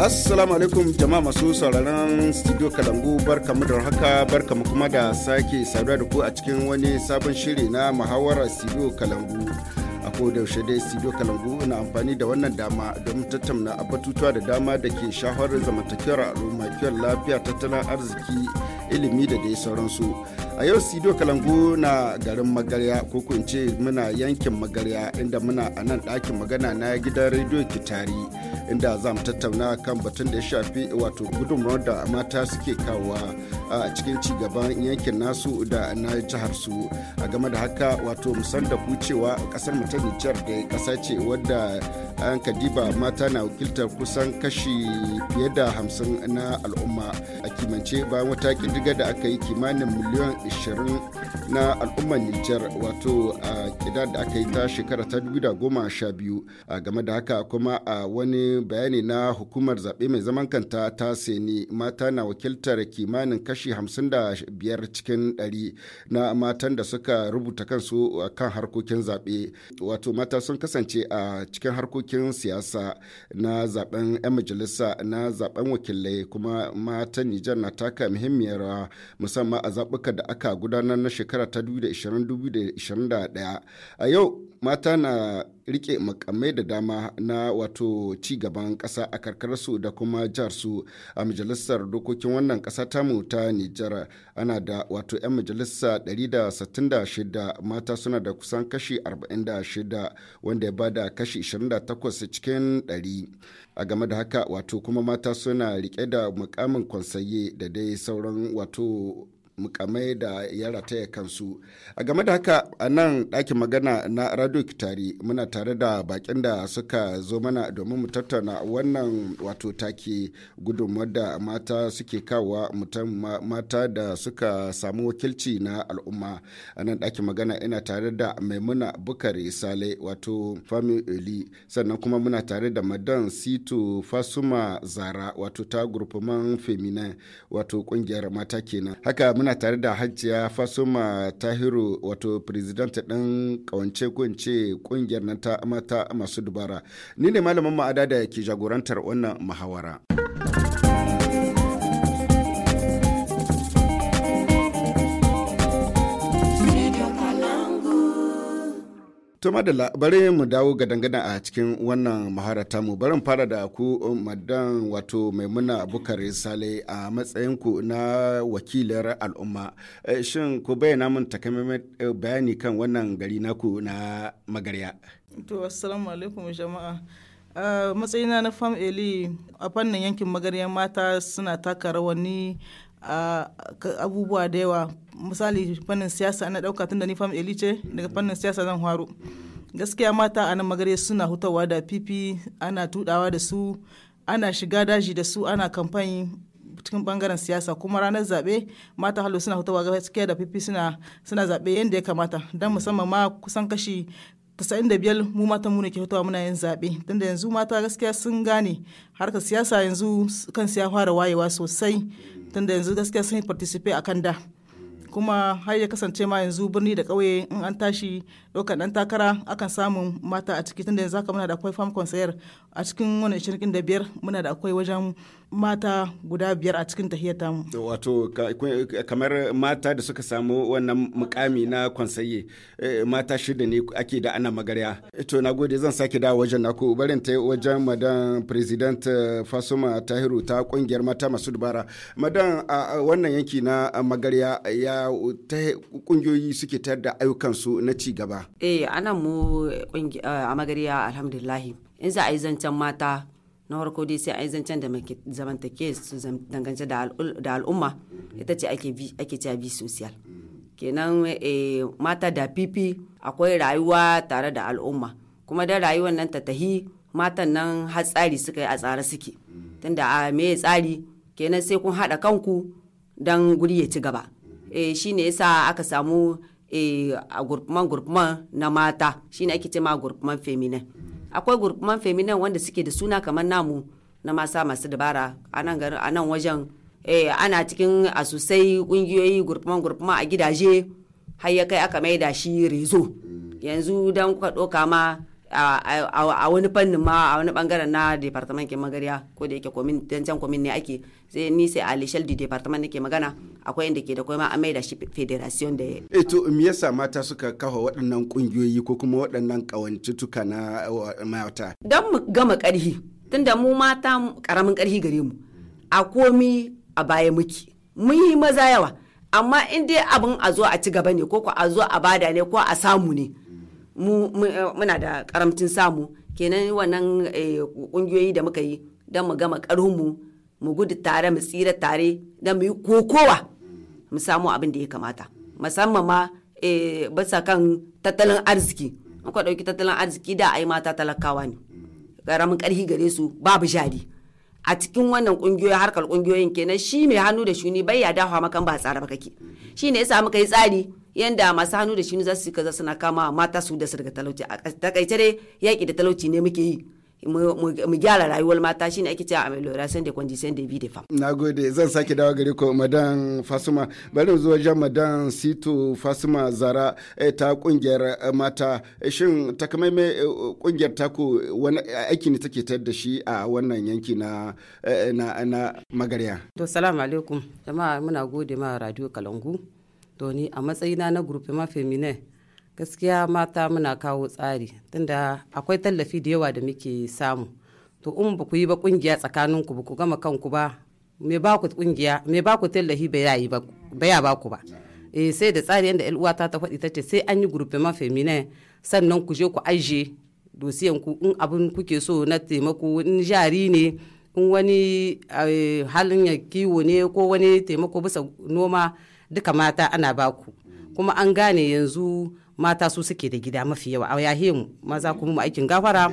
Assalamu alaikum jama'a masu sauraron studio Kalangu barkamu da haka barkamu kuma da sake saduwa da ku a cikin wani sabon shiri na muhawarar studio Kalangu. A kodayaushe dai studio Kalangu na amfani da wannan dama don tattauna a batutuwa da dama da ke shahar zamantakewar al'umma kiwon lafiya tattalin arziki ilimi da dai sauransu a yau studio kalangu na garin magarya ko ko in ce muna yankin magarya inda muna a nan dakin magana na gidan rediyo kitari inda za mu tattauna kan batun da ya shafi wato gudunmawar da mata suke kawowa a cikin cigaban yankin nasu da na jihar su a game da haka wato musan da ku cewa kasar mu ta da ƙasa ce wadda an kadiba mata na wakiltar kusan kashi fiye da hamsin na al'umma a kimance bayan wata ƙididdiga da aka yi kimanin miliyan 20 na al'ummar nijar wato a ƙida da aka yi ta shekara ta 2012 a game da haka kuma a wani bayani na hukumar zaɓe mai zaman kanta ta seni mata na wakiltar kimanin kashi 55 cikin 100 na matan da suka rubuta kansu kan harkokin zaɓe wato mata sun kasance a cikin harkokin harkokin siyasa na zaben 'yan majalisa na zaben wakilai kuma matan Nijar na taka muhimmiyar musamman a zaɓuka da aka gudanar na shekara ta 2021. A yau mata na rike makamai da dama na wato ci gaban ƙasa a karkararsu da kuma jiharsu a majalisar dokokin wannan ƙasa tamu ta Nijar ana da wato 'yan majalisa 166 mata suna da kusan kashi 46 wanda ya bada kashi 28 cikin 100 a game da haka wato kuma mata suna rike da mukamin kwansaye da dai sauran wato mukamai da ya kansu a game da haka a nan ɗakin magana na radio kitari muna tare da bakin da suka zo mana domin mu tattauna wannan wato take gudunmawar da mata suke kawo mutum mata da suka samu wakilci na al'umma a nan ɗakin magana ina tare da maimuna bukari sale wato fami sannan kuma muna tare da madan situ fasuma zara wato ta gurfuman femina wato ƙungiyar mata kenan haka muna muna tare da hajjiya fasuma tahiru wato president ɗin kawance kunce kungiyar nan ta mata masu dubara ni ne malamin ma'ada da ke jagorantar wannan muhawara. To madalla bari mu dawo ga dangana a cikin wannan maharata mu barin fara da ku madan wato maimuna bukari sale a matsayin ku na wakilar al'umma eh, shin ku bayyana mun takamaimai eh, bayani kan wannan gari naku na magarya. To assalamu alaikum jama'a. matsayina na fam eli a fannin yankin magarya mata suna taka rawani abubuwa da yawa misali fannin siyasa ana ɗauka tun da ni fam elice daga fannin siyasa zan haro. gaskiya mata a nan magare suna hutawa da fifi ana tudawa da su ana shiga daji da su ana kamfani cikin bangaren siyasa kuma ranar zaɓe mata halu suna hutawa gaskiya da fifi suna suna zaɓe yadda ya kamata don musamman ma kusan kashi 95 mu mata mu ne ke hutawa muna yin zaɓe don da yanzu mata gaskiya sun gane harkar siyasa yanzu kansu ya fara wayewa sosai tunda yanzu gaskiya sun participate kan da kuma har ya kasance ma yanzu birni da ƙauye in an tashi ɗaukar ɗan takara akan samun mata a ciki tunda yanzu haka muna da akwai farm conseil a cikin wannan shirkin da biyar muna da akwai wajen mata guda biyar a cikin tahiyar tamu. Wato kamar mata da suka samu wannan mukami na kwansaye eh, mata shida ne ake da ana magarya. Eh, to na gode zan sake da wajen naku barin ta wajen madan president eh, Fasoma Tahiru ta kungiyar mata masu dubara. Madan a wannan yanki na magarya ya kungiyoyi suke tar da ayyukansu na ci gaba. Eh ana mu a magarya alhamdulillahi in za a yi zancen mata na farko dai sai a yi zancen da mai zamantake su dangance da al'umma ita ce ake cewa bi social kenan eh, mata da pipi akwai rayuwa tare da al'umma kuma da rayuwar nan ta tahi matan nan har tsari suka yi a tsara suke tunda a me tsari kenan sai kun haɗa kanku don guri ya ci gaba e, shi ne yasa aka samu e, a gurfuman gurfuman na mata shi ne ake ce ma gurfuman feminin akwai gurguman feminin wanda suke da suna kamar namu na masa masu dabara a nan wajen eh, ana cikin asusai kungiyoyi gurguman gurguman a gidaje har ya kai aka maida shi rezo yanzu don kuka ɗoka ma a wani fannin ma a wani bangaren na departament ke magariya ko da yake komin can komin ne ake sai ni sai a lishal di departament ke magana akwai inda ke da kuma a da shi federation da e to me yasa mata suka kafa waɗannan kungiyoyi ko kuma waɗannan tuka na mata dan mu gama karhi tunda mu mata karamin karhi gare mu a komi a baya muke mun yi maza yawa amma in dai abin a zo a ci gaba ne ko ko a zo a bada ne ko a samu ne mu eh, muna da karamcin samu kenan wannan kungiyoyi eh, da muka yi don mu gama karhunmu mu gudu tare mu tsira tare don mu yi kokowa mu samu abin da ya kamata musamman ma eh, basa kan tattalin arziki in kwa dauki tattalin arziki da ai mata talakawa ne Karamin karhi gare su babu jari a cikin wannan ƙungiyoyi harkar ƙungiyoyin kenan shi mai hannu da shuni bai ya dafa makan ba tsara ba kake shi ne yasa muka yi tsari yanda masu hannu da shinu za su kaza suna kama mata su da su daga talauci a takaice dai yaƙi da talauci ne muke yi mu gyara rayuwar mata shine ake cewa amelioration de condition de vie de femme nagode zan sake dawo gare ko madan fasuma bari zo wajen madan situ fasuma zara eh, ta kungiyar eh, mata eh, shin takamaimai kungiyar ta ku wani aiki ne take tayar da shi a wannan yanki na na magarya to salamu alaikum jama'a muna gode ma radio kalangu doni a matsayina na ma femine gaskiya mata muna kawo tsari tunda akwai tallafi da yawa da muke samu to in ba ku yi ba kungiya tsakanin ku ba ku gama kanku ba me ba ku kungiya me ba ku tallafi ba yayi ba ya ba ku ba eh sai da tsari yanda uwa ta ta faɗi ta ce sai an yi ma femine sannan ku je ku aje dosiyan ku in abin kuke so na taimako in jari ne in wani eh, halin ya kiwo ne ko wani taimako bisa noma duka mata ana baku kuma an gane yanzu mata su suke da gida mafi yawa a yahi mu maza kuma mu aikin gafara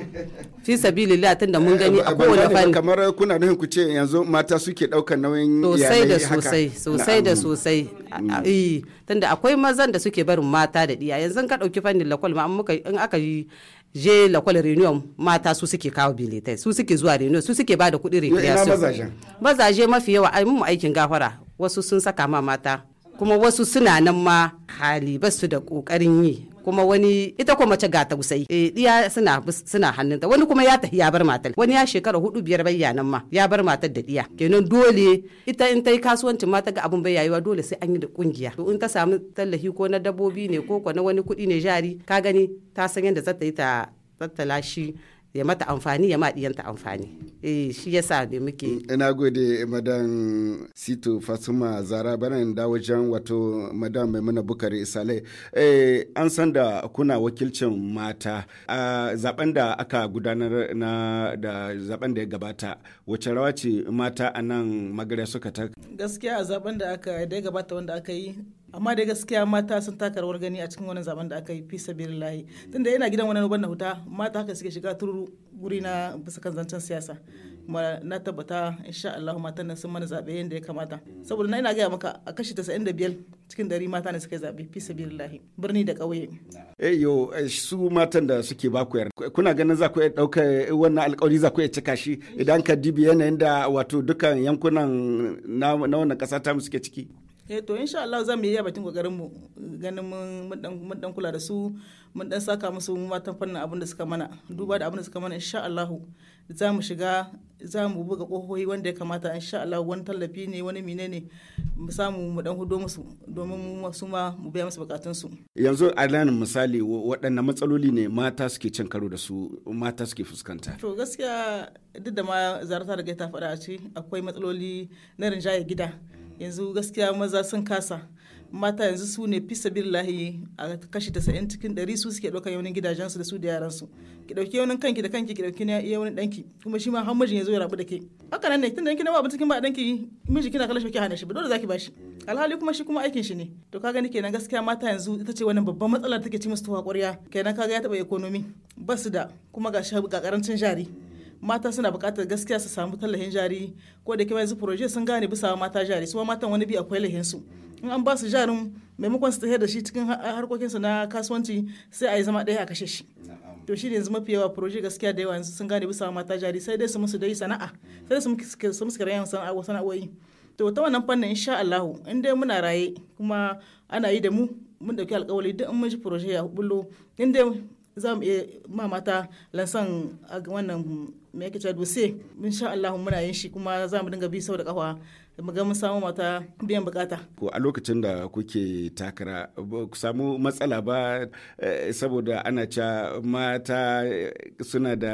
fi sabilillah tun da mun gani a eh, kowane fanni kamar kuna nuhin ku ce yanzu mata suke daukan nauyin sosai da sosai sosai da sosai mm. eh tunda akwai mazan da suke barin mata da diya yanzu ka dauki fani lakwal ma in aka yi je lakwal renewal mata su suke kawo biletai su suke zuwa renewal su suke bada kuɗin recreation mazaje mafi yawa mun mu aikin gafara wasu sun saka ma mata kuma wasu suna nan ma hali ba su da ƙoƙarin yi kuma wani ita kuma mace ga tausayi eh diya suna suna hannunta wani kuma ya tafi ya bar matar wani ya shekara hudu biyar bai ya nan ma ya bar matar da diya kenan dole ita in ta kasuwanci kasuwancin ma ta ga abun bai yayuwa dole sai an yi da kungiya to in ta samu tallafi ko na dabbobi ne ko ko na wani kuɗi ne jari ka gani ta san yadda za ta yi ta tattala shi ya mata amfani ya ma diyanta amfani eh shi yasa da muke ina gode madam Sito Fatuma Zara bana da wajen wato madam Maimuna Bukari Sale eh an san da kuna wakilcin mata a zaben da aka gudanar na da zaben da ya gabata wace rawa ce mata a nan magare suka ta gaskiya zaben da aka da ya gabata wanda aka yi amma da gaskiya mata sun taka rawar gani a cikin wannan zaben da aka yi fi sabilillahi tunda yana gidan wani ban na huta mata haka suke shiga tururu guri na bisa kan zancen siyasa kuma na tabbata insha Allah matan nan sun mana zabe yadda ya kamata saboda na ina gaya maka a kashi 95 cikin dari mata ne suka yi zabe fi sabilillahi birni da ƙauye eh yo eh, su matan da suke baku yar kuna ganin za ku dauka eh, wannan alƙawari za ku cika shi idan ka dibi yanayin da wato dukan yankunan na wannan ƙasa ta mu suke ciki eh to insha Allah za mu yi bakin kokarin mu ganin mun dan kula da su mun dan saka musu matan fannin abin da suka mana duba da abin da suka mana insha Allah za mu shiga za mu buga kohohi wanda ya kamata insha Allah wani tallafi ne wani mine ne mu samu mu dan hudo musu domin mu su ma mu biya musu bukatun su yanzu a lanin misali waɗannan matsaloli ne mata suke cin karo da su mata suke fuskanta to gaskiya duk da ma zarata da ta faɗa a ce akwai matsaloli na rinjaye gida yanzu gaskiya maza sun kasa mata yanzu su ne fisa billahi a kashi tasa'in cikin ɗari su suke ɗaukar yaunin gidajensu da su da yaransu ki ɗauki yaunin kanki da kanki ki ɗauki yaunin ɗanki kuma shi ma har mijin ya zo ya rabu da ke haka nan ne tunda na ba cikin ba ɗanki miji kina kallon shi ki hana shi ba dole zaki bashi alhali kuma shi kuma aikin shi ne to kaga ni kenan gaskiya mata yanzu ita ce wannan babban matsala take ci musu tuwa ƙwarya kenan kaga ya taɓa ikonomi ba su da kuma ga shi ga karancin jari mata suna buƙatar gaskiya su samu tallafin jari ko da kima yanzu proje sun gane bisa mata jari su matan wani bi akwai lahin su in an ba su jarin maimakon su tafiyar da shi cikin harkokin su na kasuwanci sai a yi zama ɗaya a kashe shi to shi yanzu mafi yawa proje gaskiya da yawa yanzu sun gane bisa mata jari sai dai su musu dai sana'a sai dai su musu kirayen sana'o'i to ta wannan fannin insha Allahu in dai muna raye kuma ana yi da mu mun dauki alkawali duk in mun ji proje ya bullo in dai za mu iya ma mata lansan wannan me yake cewa dose insha Allah muna yin shi kuma za mu dinga bi sau da kafa mu ga mun samu mata biyan bukata. Ko a lokacin da kuke takara ku samu matsala ba eh, saboda ana ca mata eh, suna da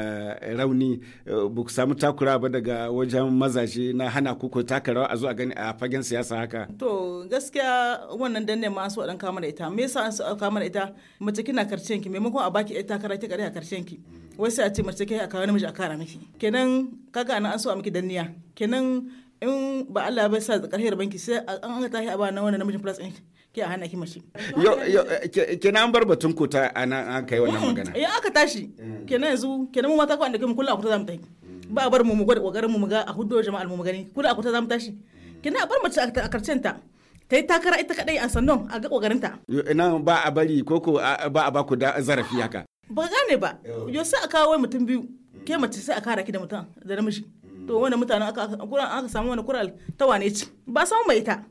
rauni eh, ba ku samu takura ba daga wajen mazaje na hana ku ku takara a zuwa gani a fagen siyasa haka. To gaskiya wannan danne ma an so dan kama da ita me yasa an so kama da ita mace kina karshen ki maimakon a baki ita takara ki kare a karshen ki. Wai sai a ce mace kai a kawo namiji a kara miki. Kenan kaga ana an so a miki danniya. Kenan in ba Allah bai sa karhe da banki sai an ta a ba na wannan namijin plus ink ke a hana ki mace kenan an bar batun ku ta ana an kai wannan mm-hmm. magana eh aka tashi mm. kenan yanzu kenan mu mata ko an da mu kullu a kuta zamu tafi ba a bar mu mu gwada kokarin mu ga a huddo jama'al mu gani kullu a kuta zamu tashi kenan a bar mace a karcen ta ta yi takara ita kadai a sannan a ga ta. Ina ba a bari ko ko ba a baku da zarafi haka. Ba gane ba, yo sai a kawo mutum biyu, ke mace sai a kara ki da mutum da namiji. to wani mutanen aka samu wani kural ta wane ci ba samu mai ita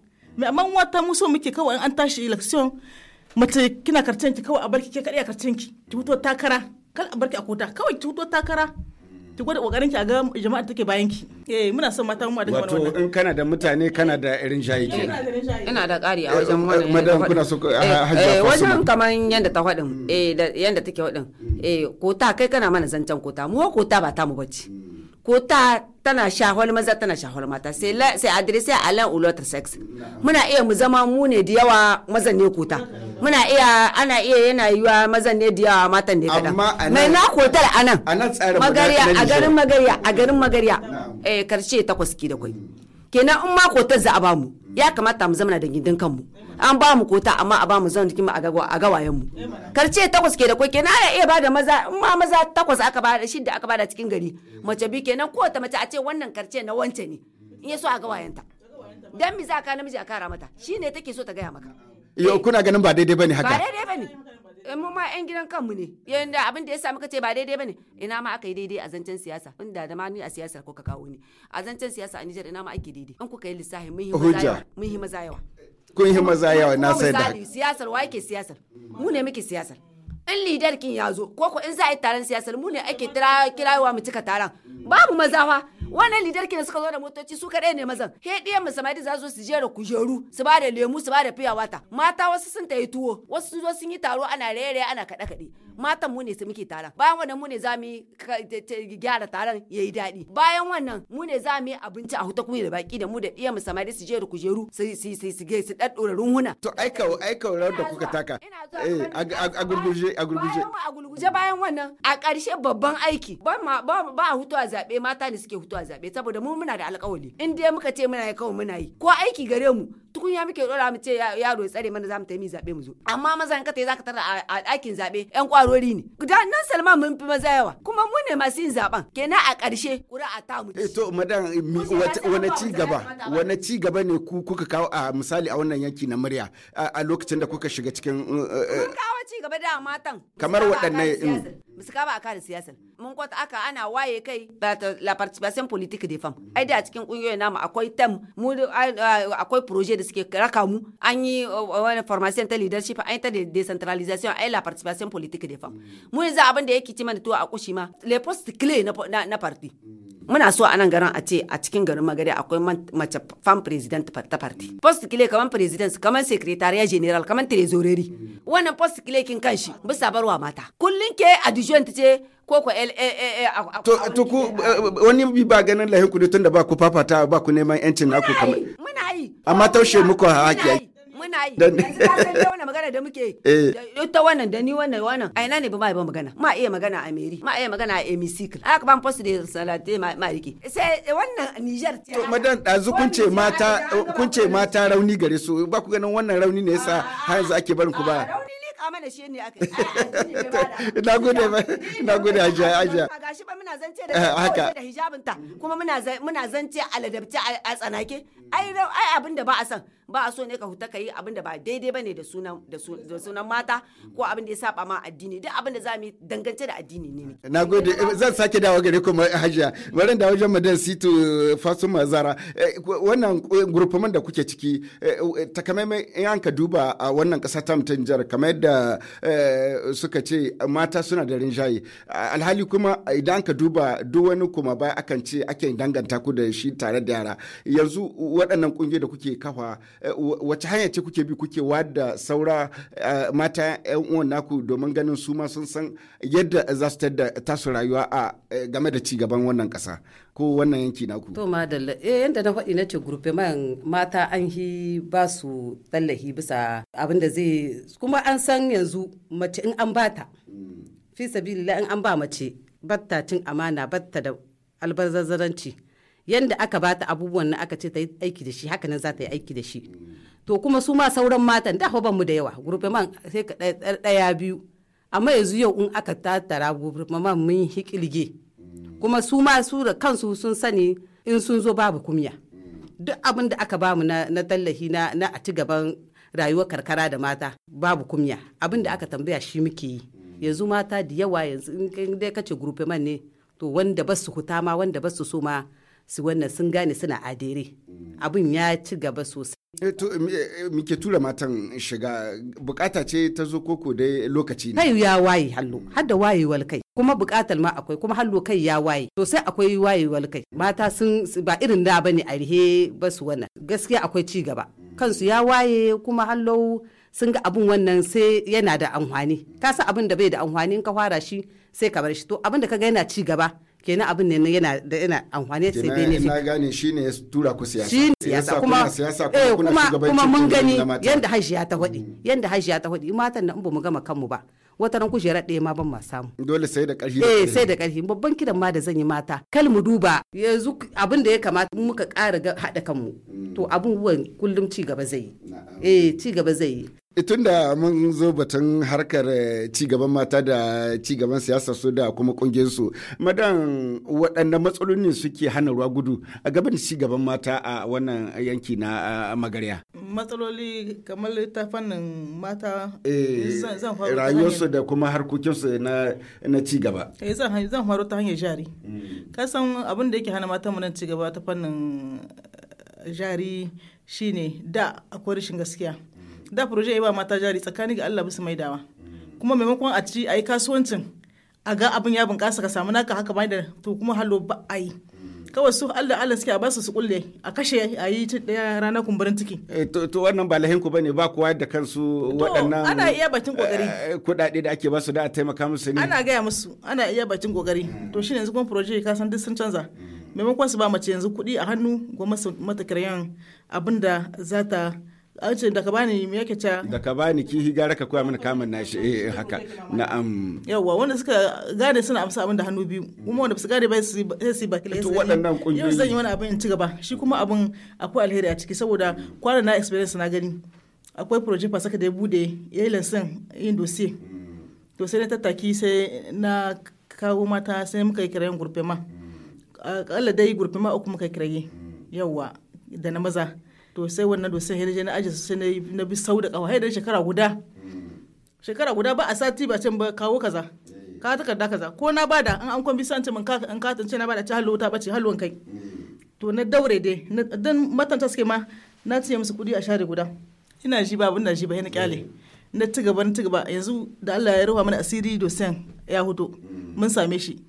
amma wata muso muke kawai an tashi election mace kina karcen ki kawai a barki ke kadai a karcen ki ki fito takara kal a barki a kota kawai ki fito takara ki gwada kokarin ki a ga jama'a take bayan ki eh muna son mata mu daga wannan wato in kana da mutane kana da irin shayi kenan eh, ina da ƙari a wajen eh, wannan madan kuna so ah, eh, eh wajen kaman yanda ta faɗin mm. eh yanda take faɗin eh kota kai kana mana zancen kota mu kota ba ta mu bacci mm. ko ta tana shahwar maza tana shahwar mata sai sai adresse a lan ulotar sex muna iya mu zama mu ne da yawa mazan ne kota muna iya ana iya yana yiwa mazan ne da yawa matan ne kadan mai na kotar anan magariya a garin magariya a garin magariya eh karshe takwas ki da kwai kenan in ma kotar za a bamu ya kamata mu zamana da gindin kanmu an ba mu kota amma a ba mu zan jikin mu a gawayen mu karce takwas ke da koke na ya iya bada maza in ma maza takwas aka bada shidda aka bada cikin gari mace bi kenan ko ta mace a ce wannan karce na wance ne in yaso so a gawayenta dan mi za ka namiji a kara mata shine take so ta gaya maka yo kuna ganin ba daidai bane haka ba daidai bane in eh, mu ma yan gidan kanmu ne yanda abin da ya sa muka ce ba daidai bane ina ma aka yi daidai a zancen siyasa inda da ma ni a siyasar ko ka kawo ni a zancen siyasa a Niger ina ma ake daidai in kuka yi lissafi mun yi maza yawa kun yi maza yawa na sai da siyasar wa yake siyasar mu ne muke siyasar in lidar kin ya zo ko ko in za a yi taron siyasar mu ne ake kirawa mu cika taron babu maza fa wannan lidar da suka zo da motoci su kaɗai ne mazan he ɗiyan samadi za su su jera kujeru su ba da lemu su ba da fiya wata mata wasu sun tayi tuwo wasu sun zo sun yi taro ana rere ana kaɗe kaɗe matan mu ne su muke taron bayan wannan mu ne za mu gyara taron ya yi daɗi bayan wannan mu ne za mu yi abinci a huta kuma da baki da mu da ɗiyan samadi su jera kujeru su su su su su ɗaɗɗora runhuna. to aika aika rawar da kuka taka eh, a a gurguje a gurguje bayan wannan a ƙarshe babban aiki ba a hutu a zaɓe mata ne suke hutu zuwa zaɓe saboda mu muna da alƙawali in dai muka ce muna yi kawai muna yi ko aiki gare mu tukunya muke dora mu ce yaro ya tsare mana zamu ta yi zabe mu zo amma maza in ka tayi zaka tarar a ɗakin zabe yan kwarori ne da nan Salma mun fi maza yawa kuma mu ne masu yin zaben kenan a ƙarshe a ta mu eh to madan eh, wani ci gaba wani ci gaba ne ku kuka kawo a misali a wannan yanki na murya a lokacin da kuka shiga cikin uh, uh, uh, kawo ci gaba da matan kamar waɗannan musika ba a kare siyasa. mun kwata aka ana waye kai ba la participation politique des femmes ai da cikin kungiyoyin namu akwai tem mu akwai projet da suke raka mu an yi wani euh, euh, formation ta leadership an yi ta decentralization an yi la participation politique des femmes mm. mu yanzu abin da yake ci mana to a kushi ma les postes clés na parti mm. muna so a nan garin a ce a cikin garin magari akwai mace fan president ta party post kile kaman president kaman secretariat general kaman trezoreri wannan post kile kin kanshi bisa barwa mata kullun ke adjoint ce ko ko to to ku wani bi ba ganin lahin ku tunda ba ku fafata ba ku neman yancin naku kamar muna yi amma taushe muku haƙi muna yi yanzu ta san wannan magana da muke yi eh. ta wannan da ni wannan wannan a ina ne ba ma ba magana ma iya magana a meri ma iya magana a emisikil aka ban post da salate ma rike sai wannan Niger ce madan ɗazu kun ce mata rauni gare su ba ku ganin wannan rauni ne yasa ah, har yanzu ake barin ku ba ah, rauni ah, na gode na gode a jiya a jiya. muna eh, haka da kuma muna zance aladabci a tsanake ai ai abin da ba a san ba a so ne ka huta ka yi abin da ba daidai ba ne da sunan mata ko abin da ya saba ma addini duk abin da za mu dangance da addini ne na gode eh, zan sake dawo gare ku hajiya bari da wajen madan situ eh, fasu mazara eh, wannan gurfaman da kuke ciki takamaimai in an ka duba a wannan kasa ta mutan jihar kamar yadda suka ce mata suna da rinjaye alhali kuma idan ka duba duk wani kuma ba akan ce ake danganta ku da shi tare da yara yanzu waɗannan ƙungiyoyi da kuke kafa Eh, wace hanya ce kuke bi kuke wadda saura eh, mata yan uwan naku domin ganin su ma sun san yadda za su tada tasu rayuwa a eh, game da ci gaban wannan kasa ko wannan yanki naku to madalla eh yanda na faɗi na ce gurfe man mata an hi ba su tallahi bisa abin da zai kuma an san yanzu mace in an bata mm. fi sabilillah in an ba mace batta cin amana batta da albarzazzaranci yanda aka bata abubuwan na aka ce ta yi aiki da shi haka nan za ta yi aiki da shi to kuma su ma sauran matan da ba mu da yawa gurbe man sai ka ɗaya biyu amma yanzu yau in aka tattara gurbe man mun hikilge kuma su ma su da kansu sun sani in sun zo babu kumya duk abin da aka bamu na tallafi na a ci gaban rayuwar karkara da mata babu kumya abin da aka tambaya shi muke yi yanzu mata da yawa yanzu in dai kace gurbe man ne to wanda ba su huta ma wanda ba su so ma su wannan sun gane suna adere abin ya ci gaba sosai eh, eh, muke eh, tura matan shiga bukata ce ta zo koko dai lokaci ne kai ya waye hallo har da wayewar kai kuma bukatar ma akwai kuma hallo kai ya waye to sai akwai wayewar kai mata sun ba irin da bane a rihe ba su wannan gaskiya akwai ci gaba kansu ya waye kuma hallo sun ga abun wannan sai yana da amfani ka san abin da bai da amfani in ka fara shi sai ka bar shi to abin da ka ga yana ci gaba kenan abin ne yana da yana amfani ne. benefit na gane shine ya tura ku siyasa shine siyasa kuma siyasa eh, kuma kuma kuma mun gani yanda hajiya ta hudi mm. yanda hajiya ta hudi matan nan ba mu gama kanmu ba wata ran kujera ɗaya ma ban ma samu dole sai da ƙarfi eh sai da ƙarfi babban kidan ma da zan yi mata kal mu duba yanzu abin da ya kamata muka ƙara haɗa kanmu mm. to abubuwan kullum ci gaba zai yi eh ci gaba zai yi Eh, Tun da mun zo batun harkar eh, cigaban mata da cigaban siyasar su da kuma su madan waɗanda matsaloli suke hana ruwa gudu a gaban cigaban mata a wannan yanki na magarya. Matsaloli kamar ta fannin mata eh, rayuwarsu da kuma harkokinsu na cigaba. Zan faru ta hanyar jari. Mm. Kasan abin da yake hana mata mu nan cigaba ta fannin jari shine da akwai rashin gaskiya. da proje ba mata jari tsakani ga Allah mai dawa kuma maimakon a ci a yi kasuwancin a ga abin ya bunƙasa ka samu naka haka bai da to kuma halo ba a yi kawai su Allah Allah suke a basu su kulle a kashe a yi daya rana kumburin ciki. Eh, to wannan ba lahinku bane ba kuwa da kansu waɗannan. ana iya bakin kokari. Eh, kuɗaɗe da ake basu da a taimaka musu ne. Ana gaya musu ana iya bakin kokari to shine yanzu kuma proje ka san duk sun canza. Maimakon su ba mace yanzu kuɗi a hannu gwamnati matakiran kiryan abinda za ta. an ce daga bani me yake ta daga bani ki higara ka koya mana kamun nashi eh, eh haka na'am yawa wanda suka gane suna amsa abin da hannu biyu kuma wanda su gane ba su sai baki to waɗannan kungiyoyi yau zan yi wani abin in ci gaba shi kuma abin akwai alheri a ciki saboda kwana na experience na gani akwai project fa saka da ya bude yayi lansan yin dossier to sai na tattaki sai na kawo mata sai muka yi kirayen gurfe ma akalla dai gurfe ma uku muka kiraye yawa da na maza to sai wannan dosin sai na aji sai na bi sau da ƙawa. sai da shekara guda shekara guda ba a sati ba can ba kawo kaza ka takarda kaza ko na bada in an kwan bi santi min in ka tance na bada ci hallo ta bace hallon kai to na daure dai dan matanta suke ma na ce musu kudi a share guda ina ji ba abin da ji ba na kyale na ci gaba na ci gaba yanzu da Allah ya ruwa mana asiri dosen ya hudu mun same shi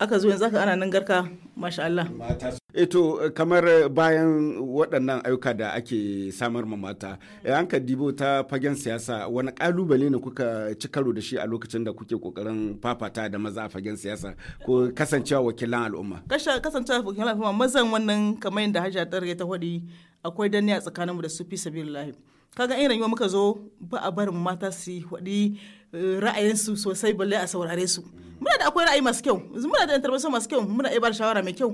aka zo yanzu ana nan garka masha Allah. Eto eh kamar bayan waɗannan ayyuka da ake samar ma mata, eh, an ka dibo ta fagen siyasa wani ƙalubale ne kuka ci karo da shi a lokacin da kuke ƙoƙarin fafata da maza a fagen siyasa ko kasancewa wakilan al'umma? Kasancewa wakilan al'umma mazan wannan kamar yadda Hajiya Targe ta faɗi akwai danniya tsakaninmu da su fi sabilillahi. Kaga in rayuwa muka zo ba a barin mata su yi ra'ayinsu sosai balle a saurare su muna da akwai ra'ayi masu kyau muna da intervention masu kyau muna iya ba shawara mai kyau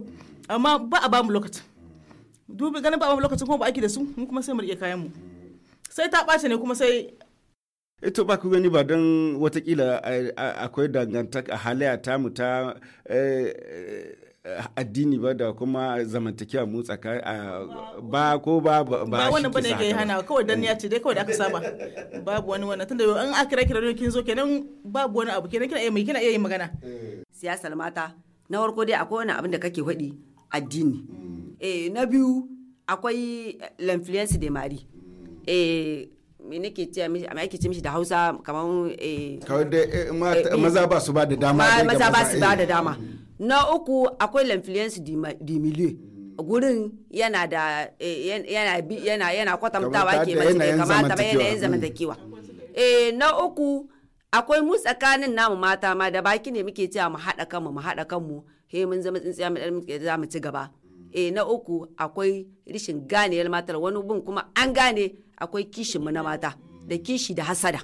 amma ba a bamu lokacin dubi ganin ba a bamu lokacin kuma ba aiki da su mu kuma sai mu rike kayan mu sai ta ɓace ne kuma sai ito eh ba ku gani ba don watakila akwai dangantaka a halayya tamu ta eh, addini ba da kuma zamantakewa mu tsaka ba ko ba ba ba wani bane ga hana kawai dan eh. ya ce dai kawai da aka saba babu wani wannan tunda an aka kira kira kin zo kenan babu wani abu kenan kina iya mai kina iya yin magana eh. siyasar mata na farko dai akwai wani abin da kake faɗi addini mm. eh na biyu akwai eh, l'influence de mari mm. eh me ke ce mishi amma ke ce mishi da Hausa kamar eh kawai da eh, eh, eh, maza ba su ba da dama maza ba su ba da dama na uku akwai l'influence du milieu gurin yana da yana yana yana kwatantawa ke mace bai kamata ba yanayin zamantakewa eh na uku akwai mu tsakanin namu mata ma da baki ne muke cewa mu haɗa kanmu mu haɗa kanmu he mun zama tsintsiya mu za mu ci gaba e na uku akwai rishin gane matar wani bin kuma an gane akwai kishin mu na mata da kishi da hasada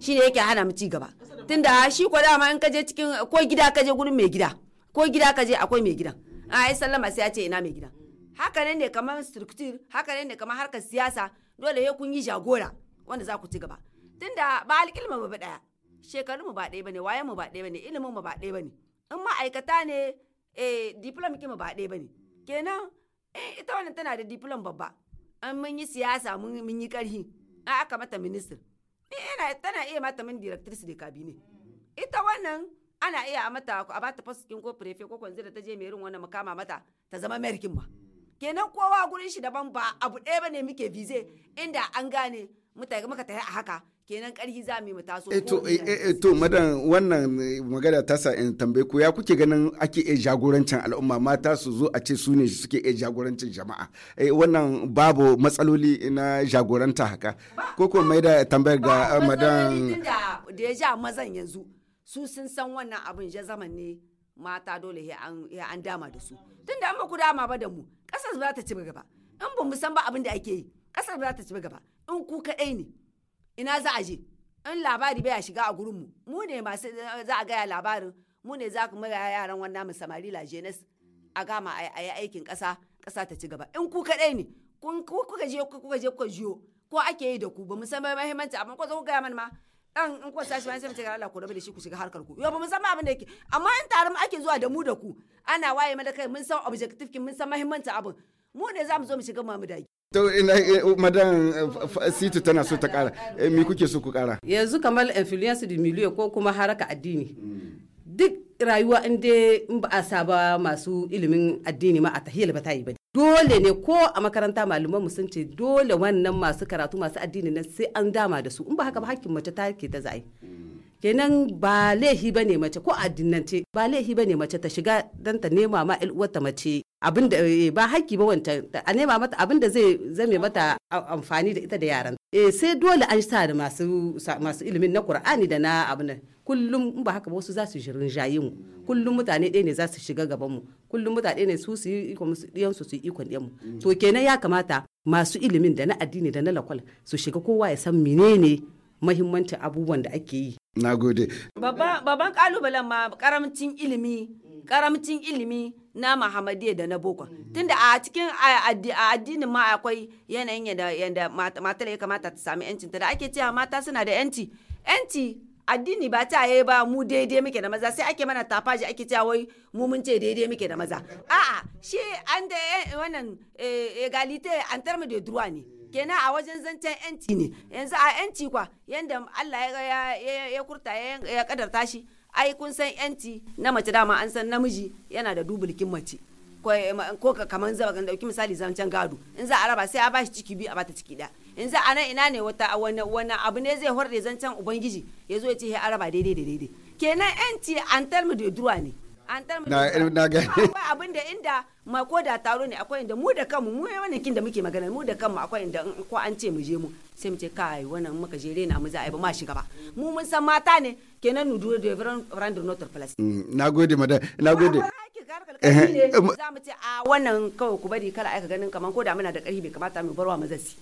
shi ne yake hana mu ci gaba tunda shi ko dama in kaje cikin ko gida kaje gurin mai gida ko gida kaje akwai mai gidan a ai sallama sai ya ce ina mai gidan haka ne ne kamar structure haka ne kamar harkar siyasa dole ya kun yi jagora wanda za ku ci gaba tunda ba alƙilma ba daya shekaru mu ba daya bane wayan mu ba daya bane ilimin mu ba daya bane in ma'aikata ne eh diploma ki mu ba daya bane kenan eh ita wannan tana da diplom babba an mun yi siyasa mun yi karhi a aka mata minister ina eh, tana iya mata min directrice da cabinet ita wannan ana iya a mata a bata fasikin ko prefe ko kwanzira ta je merin wannan makama mata ta zama merkin ma kenan kowa gurin shi daban ba abu ɗaya ne muke vize inda an gane mutane muka tafi a haka kenan ƙarfi za mu yi mu taso eh, to eh, eh, to madan wannan magana ta sa in tambaye ku ya kuke ganin ake iya jagorancin al'umma mata su zo a ce su ne suke iya jagorancin jama'a wannan babu matsaloli na jagoranta haka ko ko mai da tambayar ga madan da ya ja mazan yanzu su sun san wannan abin ya zama ne mata dole ya an dama da su tunda an ba ku dama ba da mu ƙasar za ta ci gaba in ba mu san ba abin da ake yi kasar ba ta ci gaba in ku kaɗai ne ina za a je in labari bai shiga a gurinmu mu ne masu eh, za a gaya labarin mu ne za ku maya yaran wannan mu samari jenes a gama a yi aikin ƙasa ƙasa ta ci gaba in ku kaɗai ne kuka je kuka je kuka jiyo ko ake yi da ku ba mu san mahimmanci amma ko za ku gaya mana ma dan in kuka sashi bayan sai ce Allah ku rabu da shi ku shiga harkar ku yo ba mu san abin da yake amma in mu ake zuwa da mu da ku ana waye mana kai mun san objective kin mun san mahimmancin abin mu ne za mu zo mu shiga mu dage To ina eh, oh, madan eh, Situ tana so ta kara. Eh, mi kuke so ku kara? Yanzu kamar influence da milieu ko kuma haraka addini. Duk rayuwa in dai in ba a saba masu ilimin addini ma a tahiyar ba ta yi ba. Dole ne ko a makaranta malumanmu sun ce dole wannan masu karatu masu addini na sai an dama da su in ba haka ba hakkin mace ta ke ta zai. kenan ba laihi ba ne mace ko addinance ba laihi ba ne mace ta shiga danta nema ma ilwata mace abin da eh, ba haƙƙi ba wancan a nema mata abin da zai zame mata amfani da ita da yaran eh sai dole an sa da masu masu ilimin na Qur'ani da na abin nan kullum in ba haka ba wasu za su shirin jayi mu kullum mutane ɗaya ne za su shiga gaban mu kullum mutane ne su su yi ikon su ɗiyan su su yi ikon ɗiyan mu to kenan ya kamata masu ilimin da na addini da na lakwal su shiga kowa ya san menene mahimmancin abubuwan da ake yi. Na gode. Babban kalubalen ma karamcin ilimi karamcin ilimi na Muhammadiyya da na boko mm. tunda a cikin addinin ma akwai yanayin yadda matar ya kamata ta sami yancin ta da ake cewa mata suna da yanci yanci addini ba ta yayi ba mu daidai muke da maza sai ake mana tafaji ake cewa wai mu mun ce daidai muke da maza a'a shi an da eh, wannan eh, egalite an tarmu da duwa ne kenan a wajen zancen yanci ne yanzu a yanci kwa yanda Allah ya kurta ya kadarta shi ai kun san yanci na mace dama an san namiji yana da dubulkin mace ko kamar zaba kan dauki misali zancen gado in za a raba sai a bashi ciki biyu a bata ciki da in za a nan ina ne wata wani wani abu ne zai zan zancen ubangiji ya zo ya ce a raba daidai da daidai kenan yanci an talmu da ne an tar na gane akwai abin da inda ma ko da taro ne akwai inda mu da kanmu mu wani kin da muke magana mu da kanmu akwai inda ko an ce mu je mu sai mu ce kai wannan muka je rena mu za a yi ba ma shiga ba mu mun san mata ne kenan nu duro da randar notre place mm, na nagode madam gode eh, eh, za mu ce a ah, wannan kawai ku bari kala aika ganin kaman ko da muna da karfi bai kamata mu barwa mazasi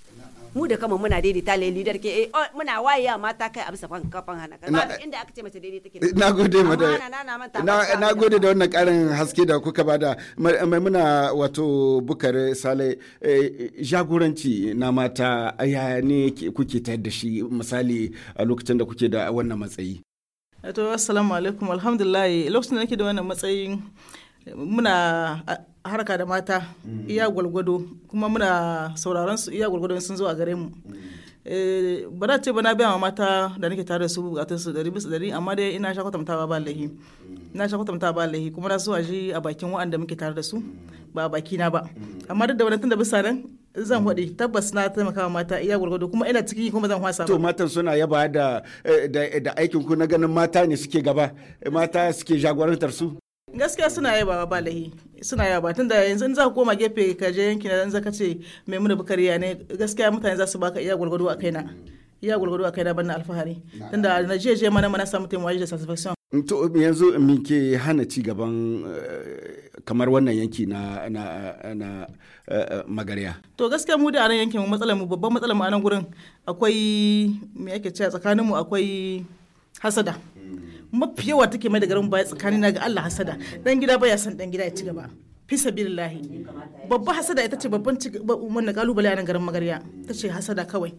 mu da kama muna daidaita le leader ke eh oh, muna wayewa mata kai a bisa kan kafan hana kan inda aka ce mace daidai take na gode mata na gode da wannan karin haske da kuka bada muna wato bukar sale eh, jagoranci na mata ya ne kuke tayar da shi misali a lokacin da kuke da wannan matsayi to assalamu alaikum alhamdulillah lokacin da nake da wannan matsayin muna harka da mata mm-hmm. iya gwalgwado kuma muna sauraron su iya gwalgwado sun zo a gare mu mm-hmm. eh, ba za ce ba na biya mata da nake tare da su bukatun su dari bisa dari amma dai ina sha kwatanta ba lahi mm-hmm. ina sha kwatanta ba lahi kuma na so a ji a bakin wa'anda muke tare da su ba baki na ba amma duk da wani tun da bisa nan zan faɗi tabbas na taimaka mata iya gwargwado kuma ina ciki kuma zan hwasa to matan suna yaba da eh, da aikin ku na ganin mata ne suke gaba mata suke jagorantar su gaskiya suna yaba ba lahi suna yaba ba tunda yanzu in za ka koma gefe ka je yanki na za ka ce mai muna bukariya ne gaskiya mutane za su baka iya gwargwado a kaina iya gwargwado a kaina bana alfahari tunda na je je mana mana samu taimawa da satisfaction to yanzu min ke hana ci gaban eh, kamar wannan yanki na na na eh, magariya to gaskiya mu da anan yankin matsalar mu babban matsalar mu anan gurin akwai me yake cewa tsakanin mu akwai hasada mafi yawa take mai da garin baya tsakanina ga Allah hasada dan gida baya san dan gida ya ci gaba fi sabilillahi babba hasada ita ce babban ci gaba na kalubale a nan garin magarya ta ce hasada kawai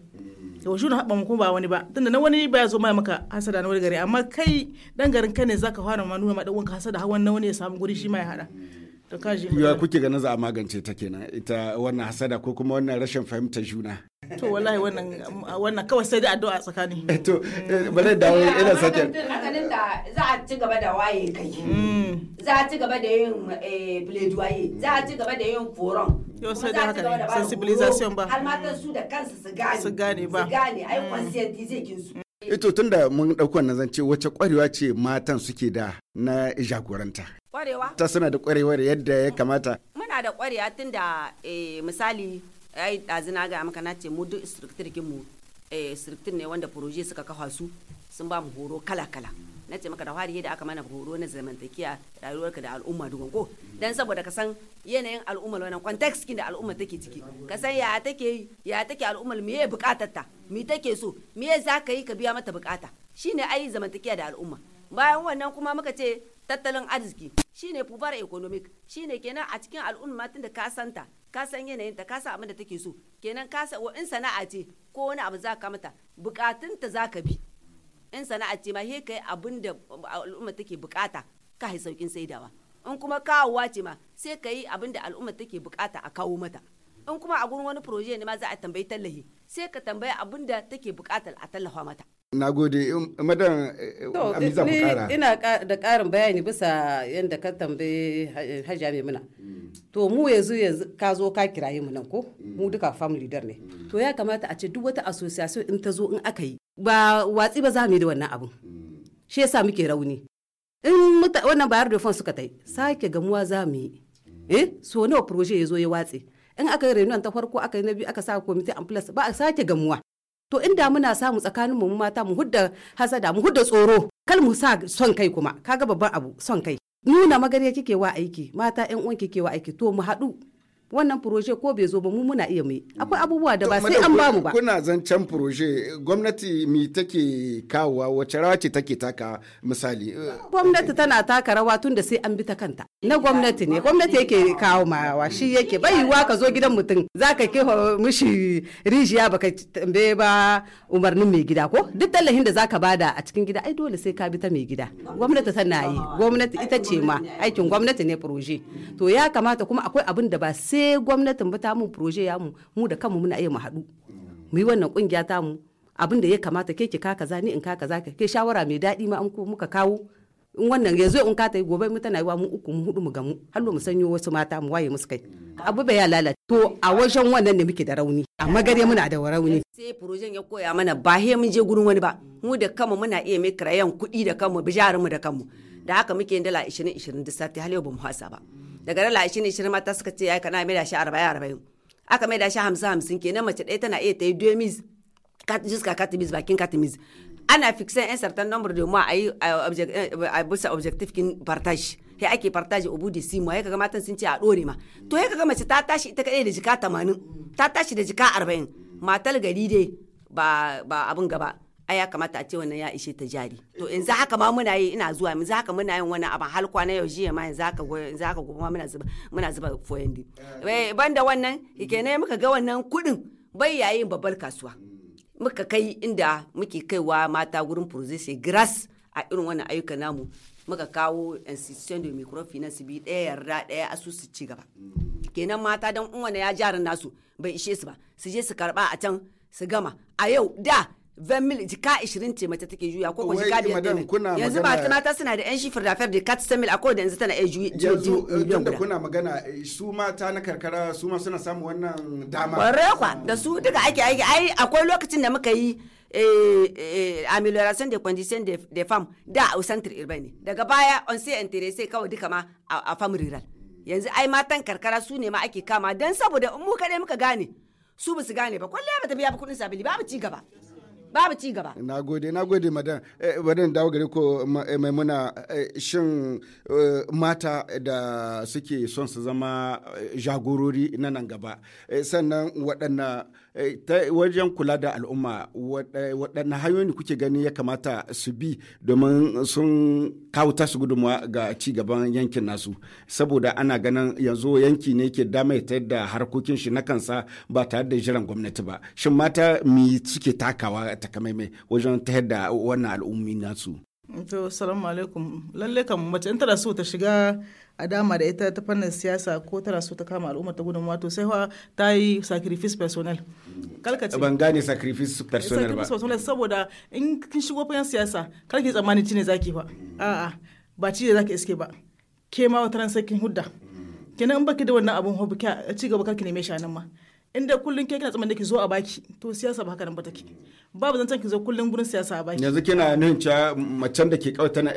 yau shi haɓa mu kuma ba wani ba tunda na wani ba ya zo mai maka hasada na wani gari amma kai dan garin ka ne zaka fara ma nuna ma dan uwanka hasada hawan na wani ya samu guri shi mai hada ya kuke ganin za a magance ta kenan ita wannan hasada ko kuma wannan rashin fahimtar juna to wallahi wannan wannan kawai sai da addu'a tsakani eh, to bare da wai ina sake hankalin da za a ci gaba da waye kai mm. za a ci gaba da yin eh, blade waye za a ci gaba da yin foron yau sai da haka sensibilization ba almatan su da kansu su gane su gane ba su gane ai kin su ito tunda mun dauko wannan zance wace kwarewa ce matan suke da na jagoranta Kwarewa? Ta suna da kwarewar yadda ya kamata. Muna da kwarewa tun da eh, misali ai na ga maka na ce mu duk structure mu eh, structure ne wanda proje suka kafa su sun ba mu horo kala-kala. na ce maka da fari da aka mana horo na zamantakiya rayuwarka da al'umma dukan ko dan saboda ka san yanayin al'umma wannan context kin da al'umma take ciki ka san ya take ya take al'umma me ya bukatar ta me take so me za ka yi ka biya mata bukata shine ai zamantakiya da al'umma bayan wannan kuma muka ce tattalin arziki shine pubar economic shine kenan a cikin al'umma tunda ka santa ka san yanayin ta ka san abin da take so kenan ka san in sana'a ce ko wani abu zaka mata bukatun ta zaka bi in sana'a ce ma he kai abin da al'umma take bukata ka hai saukin saidawa in kuma kawowa ce ma sai ka yi abin da al'umma take bukata a kawo mata in kuma a gurin wani proje ne ma za a tambayi tallahi sai ka tambaya abin da take bukatar a tallafa mata na gode um, madan eh, eh, amiza ku kara ina da karin bayani bisa yadda ka tambaye eh, hajja mai muna mm. to mu yanzu yanzu ka zo ka kiraye mu nan ko mm. mu duka family leader ne mm. to ya kamata a ce duk wata association in ta zo in aka yi ba watsi ba za mu yi da wannan abu. shi yasa muke rauni in wannan bayar da fon suka tai sake gamuwa za mu yi eh so nawa proje ya zo ya watse in aka yi reunion ta farko aka yi na biyu aka sa committee an plus ba a sake gamuwa to inda muna samu tsakanin mu mata mu hudda hasada mu hudda tsoro kal mu sa son kai kuma kaga babban abu son kai nuna magarya kike wa aiki mata yan uwan kike wa aiki to mu haɗu wannan proje ko bai zo ba mu muna iya mai akwai mm. abubuwa da ba sai an bamu ba kuna zancen proje gwamnati mi take kawowa wace rawa ce take taka misali eh, gwamnati tana taka rawa tun da sai an bi ta kanta na gwamnati ne gwamnati yake kawo mawa shi yake bai yiwa ka zo gidan mutum zaka ke mishi rijiya baka tambaye ba umarnin mai gida ko duk tallahin da zaka bada a cikin gida ai dole sai ka bi ta mai gida gwamnati tana yi gwamnati ita ce ma aikin gwamnati ne proje to ya kamata kuma akwai abin da ba sai sai gwamnatin ba ta mu proje ya mu mu da kanmu muna iya mu haɗu mu yi wannan kungiya ta mu abin da ya kamata ke ki ka kaza ni in ka kaza ka ke shawara mai daɗi ma an ko muka kawo in wannan ya zo in ka tayi gobe yi wa mu uku mu hudu mu gamu hallo mu sanyo wasu mata mu waye musu kai abu bai ya lalata to a wajen wannan ne muke da rauni amma gare muna da rauni sai projen ya koya mana ba he mun je gurin wani ba mu da kanmu muna iya mai kirayen kuɗi da kanmu bijarin mu da kanmu da haka muke yin dala 20 20 duk sati har yau ba mu hasa ba daga dala ashirin ishirin mata suka ce ya kana mai da shi arba'in arba'in aka mai da shi hamsin hamsin kenan mace ɗaya tana iya ta yi domis jiska katimis bakin katimis ana fiksan yan sartan nomor domin ma a yi a bisa objektif kin partage ya ake partage obu da si ma ya kaga matan sun ce a ɗore ma to ya kaga mace ta tashi ita kaɗai da jika tamanin ta tashi da jika arba'in matal gari dai ba abin gaba a ya kamata a ce wannan ya ishe ta jari to yanzu haka ma muna yi ina zuwa yanzu haka muna yin wani abin har kwana yau jiya ma yanzu haka yanzu haka gobe muna zuba muna zuba foyandi eh, banda wannan kenan muka ga wannan kudin bai yayin babbar kasuwa muka kai inda muke kaiwa mata gurin furzese grass a irin wannan ayyuka namu muka kawo institution da microfinance bi ɗaya yarda ɗaya asusu ci gaba kenan mata don wani ya jarin nasu bai ishe su ba su je su karba a can su gama a yau da 20 mil jika 20 ce mace take juya ko ko ka biyar ne yanzu ba ta mata suna da yan shifir da da kat mil a da yanzu tana juyi yanzu eh, da kuna magana eh, su mata na karkara su ma suna samun wannan dama kware kwa da su duka ake aiki ai akwai lokacin da muka yi eh, amelioration de conditions de femme da au centre urbain ne daga baya on s'est intéressé kawai duka ma a femme rural yanzu ai matan karkara su ne ma ake kama dan saboda mu kadai muka gane su ba su gane ba kwalle ba ta biya ba kudin sabili babu ci gaba babu ci gaba na gode na gode madan eh, dawo gare ko eh, maimuna eh, shin mata da suke son su zama jagorori na nan gaba sannan waɗannan Eh, ta wajen kula da al'umma eh, waɗanne hanyoyi kuke gani ya kamata su bi domin sun kawo tasu gudunmawa ga ci gaban yankin nasu saboda ana ganin yanzu yanki ne ke damaita da harkokin shi na kansa ba tare da jiran gwamnati ba shin mata mi suke takawa kamaimai wajen ta da wannan al'ummi nasu to salamu alaikum lalle kan mace in tana so ta shiga a dama da ita ta fannin siyasa ko tana so ta kama al'umma ta gudunmawa to sai ta yi sacrifice personal kalkace ban gane sacrifice personal ba sacrifice personal saboda in kin shigo fagen siyasa kalki tsammani cine zaki fa a'a ba ci ne zaki iske ba ke ma wata ran sai kin hudda kenan in baki da wannan abun hobi ci gaba kalki neme shi anan ma in da kullun ke kina tsaman da ke zo a baki to siyasa ba haka nan ba take babu zancen ki zo kullum gurin siyasa a baki yanzu kina nan cewa macen da ke kawai tana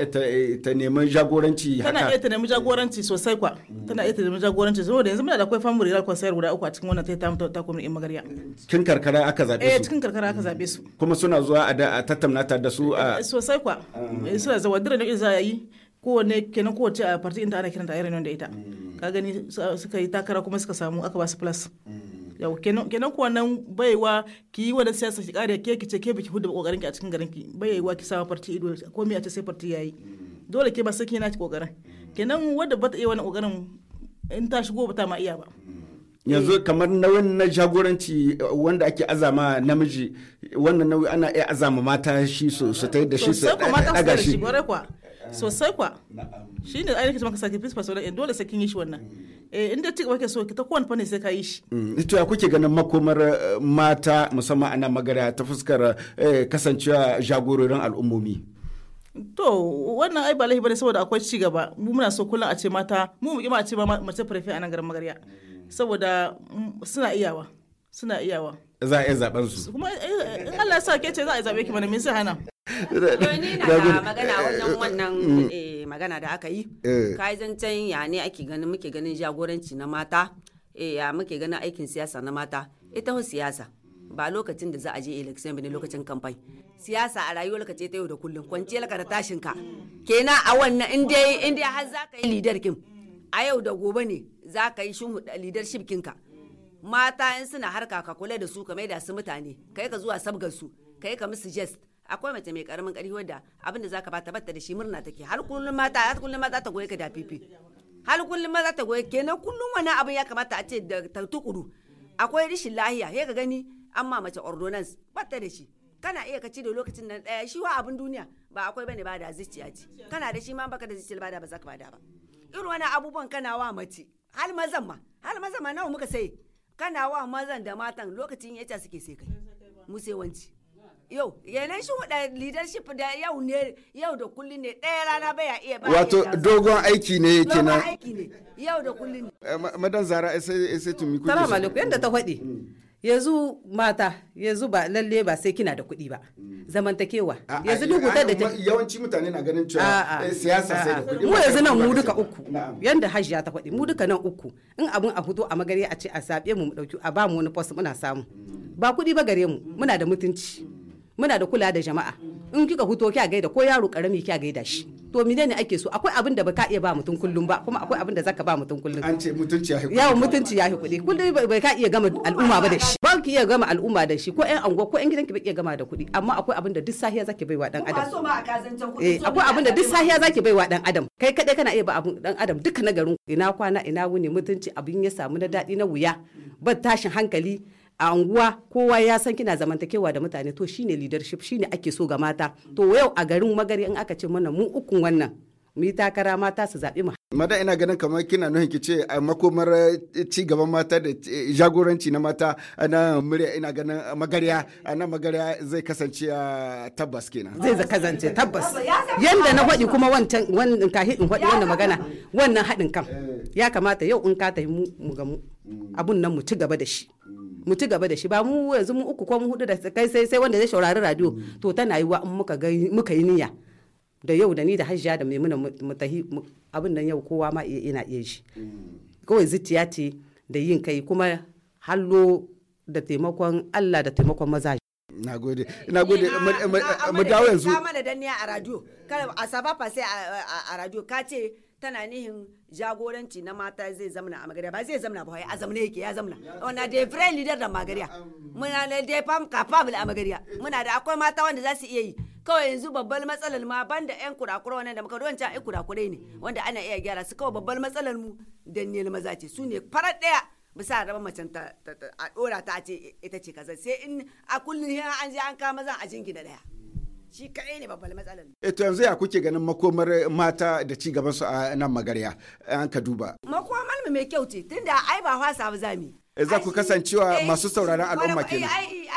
ta neman jagoranci haka tana iya ta neman jagoranci sosai kwa tana iya ta neman jagoranci da yanzu muna da akwai family rural concern guda uku a cikin wannan tai tamu ta kuma in magarya kin karkara aka zabe eh, su eh cikin karkara aka zabe su kuma suna zuwa a tattauna ta da su a eh, sosai kwa ah. eh, suna zuwa dira ne za yi kowanne kenan kowace a party inda ana kiranta irin da ita hmm. ka gani suka yi takara kuma suka samu aka ba su plus hmm. yau kenan kuwa nan baiwa ki yi wani siyasa ki kare ke ki ce ke biki hudu kokarin ki a cikin garin ki baiwa ki sa farti ido ko me a ce sai farti yayi dole ke ba sai kina ki kokarin kenan wanda bata iya wani kokarin in ta shigo ba ta ma iya ba yanzu kamar nauyin na jagoranci wanda ake azama namiji wannan nauyi ana iya azama mata shi su ta da shi su daga shi sosai kwa shi ne ainihin maka sake fis fasola in dole sai kin yi shi wannan mm. eh inda ci gaba ke so ta kowane fanni sai ka yi shi mm. to ya kuke ganin makomar eh, mata musamman ana magana ta fuskar eh, kasancewa jagororin al'ummomi to wannan ai ba laifi bane saboda akwai ci gaba mu muna so kullum a ce mata mu mu a ce mace prefe a nan garin magarya mm. saboda suna iyawa suna iyawa za a iya zaben su kuma eh, in Allah ya sa ke ce za a zabe ki mana min sai hana na magana wajen wannan eh. Eh, magana da aka yi eh. yi zancen ya ne ake ganin muke ganin jagoranci na mata ya muke ganin aikin siyasa na mata ita hu siyasa ba lokacin da za a je election bane lokacin kamfai siyasa a rayuwar ka ce ta yau da kullum kwanciyar ka da tashin ka kenan a wannan in dai har za ka yi leader kin a yau da gobe ne za ka yi shin leadership ka mata in suna harka ka kula da su ka maida su mutane kai ka zuwa sabgar su kai ka musu jest akwai mace mai karamin karfi wadda abin da zaka bata bata da shi murna take har kullum mata har kullum mata ta goye ka da fifi har kullum mata ta goye kenan kullum wani abin ya kamata a ce da ta akwai rishin lahiya he ka gani amma mace ordonance bata da shi kana iya kaci da lokacin nan daya shi wa abin duniya ba akwai bane ba da zuciya ce kana da shi ma baka da zuciya ba da ba zaka bada ba irin wani abubuwan kana wa mace hal mazan ma hal mazan ma nawa muka sai kana wa mazan da matan lokacin yaca suke sai kai wanci yau yanayin shi waɗa leadership da yau ne yau da kullum ne ɗaya rana baya iya ba wato dogon aiki ne yake na aiki ne yau da kullum ne eh, madan zara sai sai tumi kuke salamu alaikum yanda ta faɗi mm. yanzu mata yanzu ba lalle ba sai kina da kuɗi ba mm. zamantakewa yanzu duk da yawanci mutane na ganin cewa eh, siyasa sai da kuɗi mu yanzu nan mu duka uku yanda hajiya ta faɗi mu duka nan uku in abun a fito a magare a ce a sabe mu mu dauki a ba mu wani post muna samu mm. ba kuɗi ba gare mu muna da mutunci muna da kula da jama'a in kika huto kya gaida ko yaro karami kya gaida shi to mine ne ake so akwai abin da baka iya ba mutum kullum ba kuma akwai abin da zaka ba mutum kullum an ce mutunci ya hikuri yawo mutunci ya hikuri kullum bai ka iya gama al'umma ba da shi ba ki iya gama al'umma da shi ko yan anguwa ko gidan gidanki bai iya gama da kuɗi amma akwai abin da duk sahiya zaki baiwa dan adam eh akwai abin da duk sahiya zaki baiwa dan adam kai kadai kana iya ba abin dan adam duka na garin ina kwana ina wuni mutunci abin ya samu na daɗi na wuya ba tashin hankali a anguwa kowa ya san kina zamantakewa da mutane to shine leadership shine ake so ga mata to yau a garin magari in aka ce mana mu ukun wannan mu yi takara mata su zaɓi mu. Mada ina ganin kamar kina nuhin ki ce a makomar eh, ci gaban mata da eh, jagoranci na mata na murya ina ganin magarya na magarya zai kasance a tabbas kenan. Zai kasance tabbas. Yanda na faɗi kuma wancan wannan ka in faɗi wannan magana wannan haɗin kan eh. ya kamata yau in ka tafi mu ga mu mm. abun nan mu ci gaba da shi. Mm. mu ci gaba da shi ba mu yanzu mu uku ko mu hudu da kai sai sai wanda zai saurari radio mm. to tana wa in muka ga muka yi niyya da yau da ni da hajjiya da maimuna mu tahi abin nan yau kowa ma ina iya shi mm. kawai zuciya ce da yin kai kuma hallo da taimakon Allah da taimakon maza na gode na gode mu dawo yanzu mana danniya a radio kada a safa sai a radio ka ce tana nihin jagoranci na mata zai zamna a magariya ba zai zamna ba a zamna yake ya zamna wana da free leader da magariya muna da dai fam capable a magariya muna da akwai mata wanda za su iya yi kawai yanzu babbar matsalar ma banda yan kurakura wannan da muka ruwan can ai kurakurai ne wanda ana iya gyara su kawai babbar matsalar mu daniel maza ce su ne farar daya bisa raba macen ta a dora ta ce ita ce kaza sai in a kullum an je an kama zan a jingina daya shi kaɗai ne babbar matsalar. E yanzu ya kuke ganin makomar mata da ci gaban su a nan magarya an ka duba. Makomar mu mai kyau ce tunda ai ba hwasa ba zami. E eh, za ku kasancewa eh, masu sauraron al'umma kenan.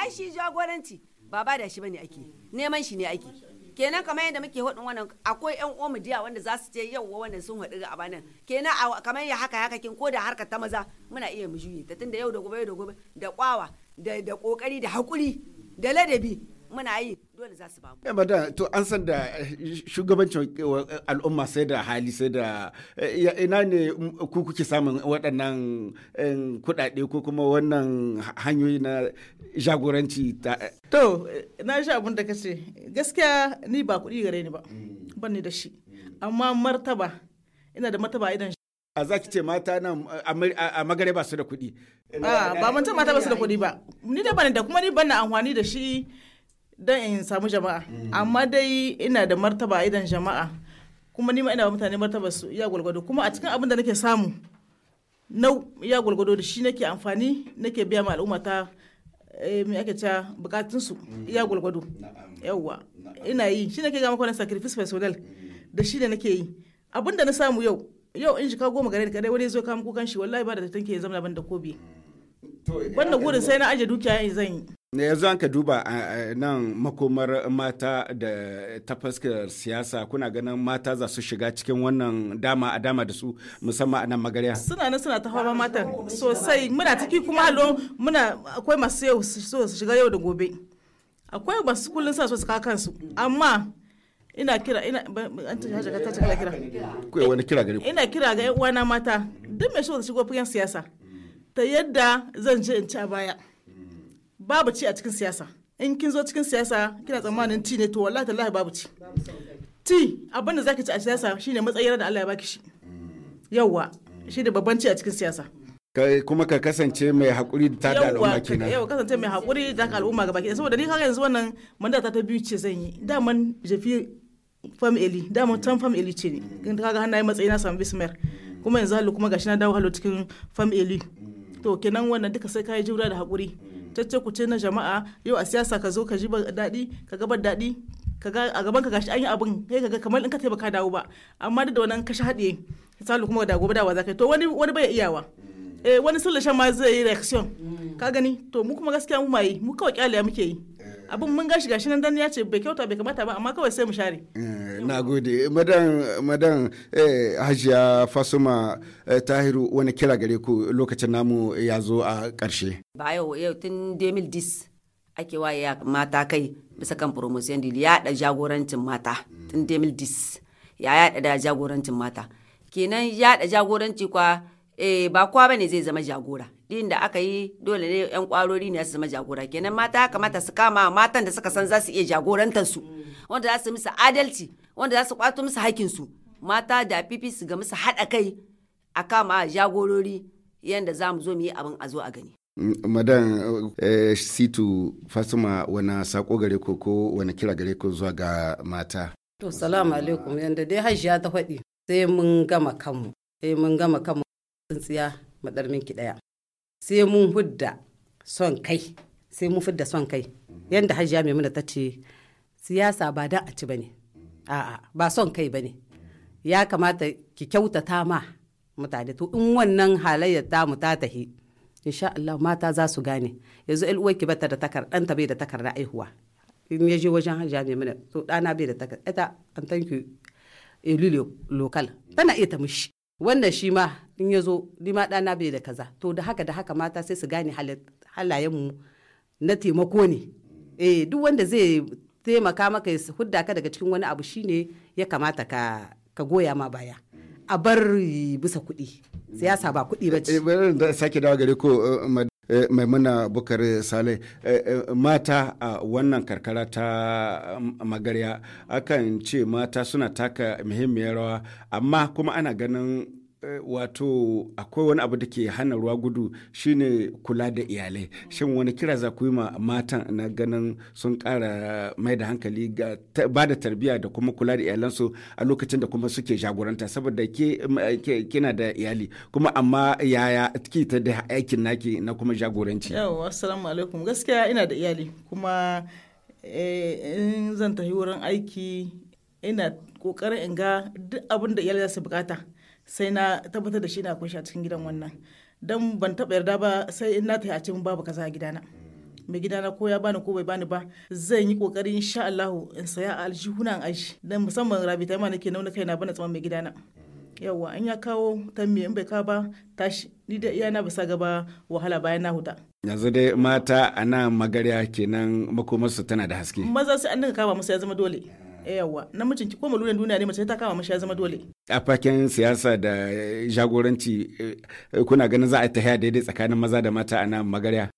Ai shi jagoranci ba ba da shi bane ake neman shi ne ake. kenan kamar yadda muke hudun wannan akwai yan uwan mu diya wanda za su je yau wannan sun haɗu a banan kenan kamar ya haka haka kin ko da harkar ta maza muna iya mu juye ta tunda yau da gobe da gobe da kwawa da da kokari da hakuri da ladabi muna yi dole za su bamu. Yamma eh, to an san da eh, shugabancin eh, al'umma sai da hali sai da ina ne ku kuke samun waɗannan kuɗaɗe ko kuma wannan hanyoyi na jagoranci ta. To na sha abin da kace gaskiya ni ba kuɗi gare ni ba hmm. ban ni da shi amma martaba ina da martaba idan a za ki ce mata nan a magare ba su da kuɗi. Ah, ba mata mata ba su da kuɗi ba. Ni da bani da kuma ni ban na amfani da shi don in samu jama'a amma dai ina da martaba idan jama'a kuma nima ina mutane martaba su ya gwalgwado kuma a cikin abin da nake samu na ya gwalgwado da shi nake amfani nake biya ma al'umma ta eh, me ake ta bukatun su ya gwalgwado yawwa ina yi shi nake ga kwanan sacrifice personal da shi da nake yi abin da na samu yau yau in jika goma gare kadai wani zo kama kukan shi wallahi ba da tanke ya zama ban da kobe wannan gurin sai na aje dukiya zan yi yanzu an ka duba a nan makomar mata da ta fuskar siyasa kuna ganin mata za su shiga cikin wannan dama a dama da su musamman a nan magariya suna nan suna ta hawa matan sosai muna ciki kuma halo muna akwai masu yau su shiga yau da gobe akwai masu kullum sa so su kawo kansu amma ina kira ina an ta hajjaka ta kira kira kai wani kira gare ina kira ga uwana mata duk mai so su shigo fagen siyasa ta yadda zan je in ci a baya babu ci a cikin siyasa in kin zo cikin siyasa kina tsammanin ci ne to wallahi tallahi babu ci ti abin da zaki ci a siyasa shine matsayin da Allah ya baki shi yawa shi da babban ci a cikin siyasa kai kuma ka kasance mai hakuri da ta al'umma kenan yawa kasance mai hakuri da tada al'umma gaba kenan saboda ni kaga yanzu wannan mandata ta biyu ce zan yi daman jafi fam eli man tan fam eli ce ne kaga hannaye matsayi na samu bismar kuma yanzu halu kuma gashi na dawo halu cikin fam eli to kenan wannan duka sai kai jura da hakuri cacce kuce na jama'a yau a siyasa ka zo ka ji daɗi ka gabar daɗi kaga a gaban ka gashi an yi abin kai kaga kamar in ka taimaka dawo ba amma duk da wannan kashi haɗiye misali kuma da gobe dawa za ka to wani wani bai iyawa eh wani sallashan ma zai yi reaction ka gani to mu kuma gaskiya mu mai mu kawai kyale muke yi abin mun gashi gashi nan dan ya ce bai kyauta bai kamata ba amma kawai sai mu share eh, na gode madan madan eh, hajiya fasuma eh, tahiru wani kira gare ku lokacin namu ya zo a karshe ba yau yau tun 2010 ake waye mata kai bisa kan promotion deal ya da jagorancin mata tun 2010 ya ya da jagorancin mata kenan ya da jagoranci kwa ba kwa bane zai zama jagora din da aka yi dole ne yan kwarori ne su zama jagora kenan mata kamata su kama matan da suka san za su iya jagorantar su wanda za su musu adalci wanda za su kwato musu hakkin su mata da fifi su ga musu haɗa kai a kama jagorori yadda za mu zo mu yi abin a zo a gani madan eh, situ fasuma wani sako gare ko ko wani kira gare ko zuwa ga mata to salamu alaikum yanda dai hajiya ta faɗi sai mun gama kanmu sai mun gama kanmu tsintsiya madarmin ki daya sai mun hudda son kai sai mun fidda son kai yadda hajiya muna ta ce siyasa ba da a ci ba ne a'a ba son kai ba ne ya kamata ki kyautata ma mutane to in wannan halayyar mu ta tahi insha Allah mata za su gane yanzu ɗan ki bata da takar ɗanta bai da takarda aihuwa in ya je wajen hajiya muna to ɗana bai da takar ita an tanki ilulu lokal tana iya ta mishi wannan shi ma in ya zo ni ma ɗana bai da kaza to da haka da haka mata sai su gane halayenmu na taimako ne eh duk wanda zai taimaka maka ya hudda ka daga cikin wani abu shine ya kamata ka ka goya ma baya a bar bisa kuɗi siyasa ba kuɗi ba ce. Eh, dawo gare ko Eh, maimuna bukar sale eh, eh, mata a wannan karkara ta mm, magarya akan ce mata suna taka muhimmiyar rawa amma kuma ana ganin Eh, wato akwai wani abu da ke hana ruwa gudu shine kula da iyalai shin wani kira za ku yi ma matan na ganin sun kara mai da hankali ga ba da tarbiyya da kuma kula da iyalansu a lokacin da kuma suke jagoranta saboda ke kina da iyali kuma amma yaya ta da aikin naki na kuma jagoranci yawa assalamu alaikum gaskiya ina da iyali kuma eh, in zan tafi wurin aiki ina kokarin in ga duk abin da iyali za su bukata sai na tabbatar da shi na kunshi a cikin gidan wannan don ban taɓa yarda ba sai in na tafi a cikin babu kaza a gidana mai gidana ko ya bani ko bai bani ba zan yi kokari insha Allah in saya a aljihunan aji dan musamman rabi ta ma nake nauna kaina bana tsaman mai gidana yawa an ya kawo me in bai ka ba tashi ni da iyana ba sa gaba wahala bayan na huta yanzu dai mata a nan magarya kenan makomarsu tana da haske maza sai an dinga kama musu ya zama dole yawa namijin ki ko maluran duniya ne mace ta kama mashi ya zama dole a fakin siyasa da jagoranci eh, kuna ganin za a ta daidai tsakanin maza da mata a nan magarya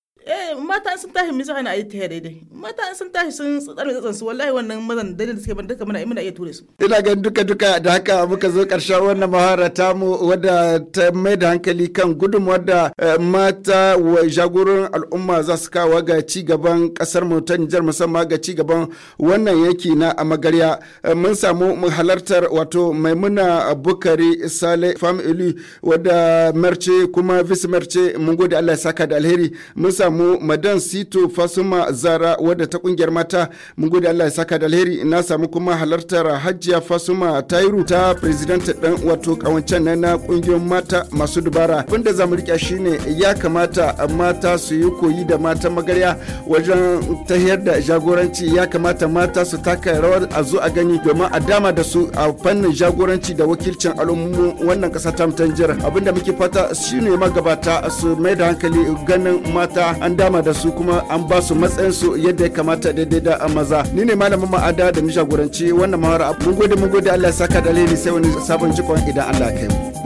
mata sun tashi mun saka na ayi tare dai mata sun tashi sun tsare tsatsan su wallahi wannan mazan dalilin da suke ban duka muna eh, muna iya ture su ina ga duka duka da haka muka zo karshen wannan mahara ta mu wadda ta mai da hankali kan gudun da eh, mata wa jagoran al'umma za su kawo ga ci gaban kasar mu ta Nijar musamman ga ci gaban wannan yanki na Amagarya eh, mun samu halartar wato Maimuna Bukari Sale Fam Ilu wadda merce kuma vice merce mun gode Allah ya saka da alheri mun samu Ramadan Sito Fasuma Zara wadda ta kungiyar mata mun gode Allah ya saka da alheri na samu kuma halartar Hajiya Fasuma Tairu ta president dan wato kawancan na kungiyar mata masu dubara wanda zamu rike shine ya kamata mata su yi koyi da mata magarya wajen tahiyar da jagoranci ya kamata mata su taka rawar a zo a gani domin a dama da su a fannin jagoranci da wakilcin al'ummu wannan kasa ta mutan abinda muke fata shine magabata su mai da hankali ganin mata an dama da da su kuma an ba su matsayin su yadda ya kamata daidai da maza ni ne malamin ma'ada da mu jagoranci wannan mahara mun gode mun gode Allah ya saka da sai wani sabon jikon idan Allah ya kai mu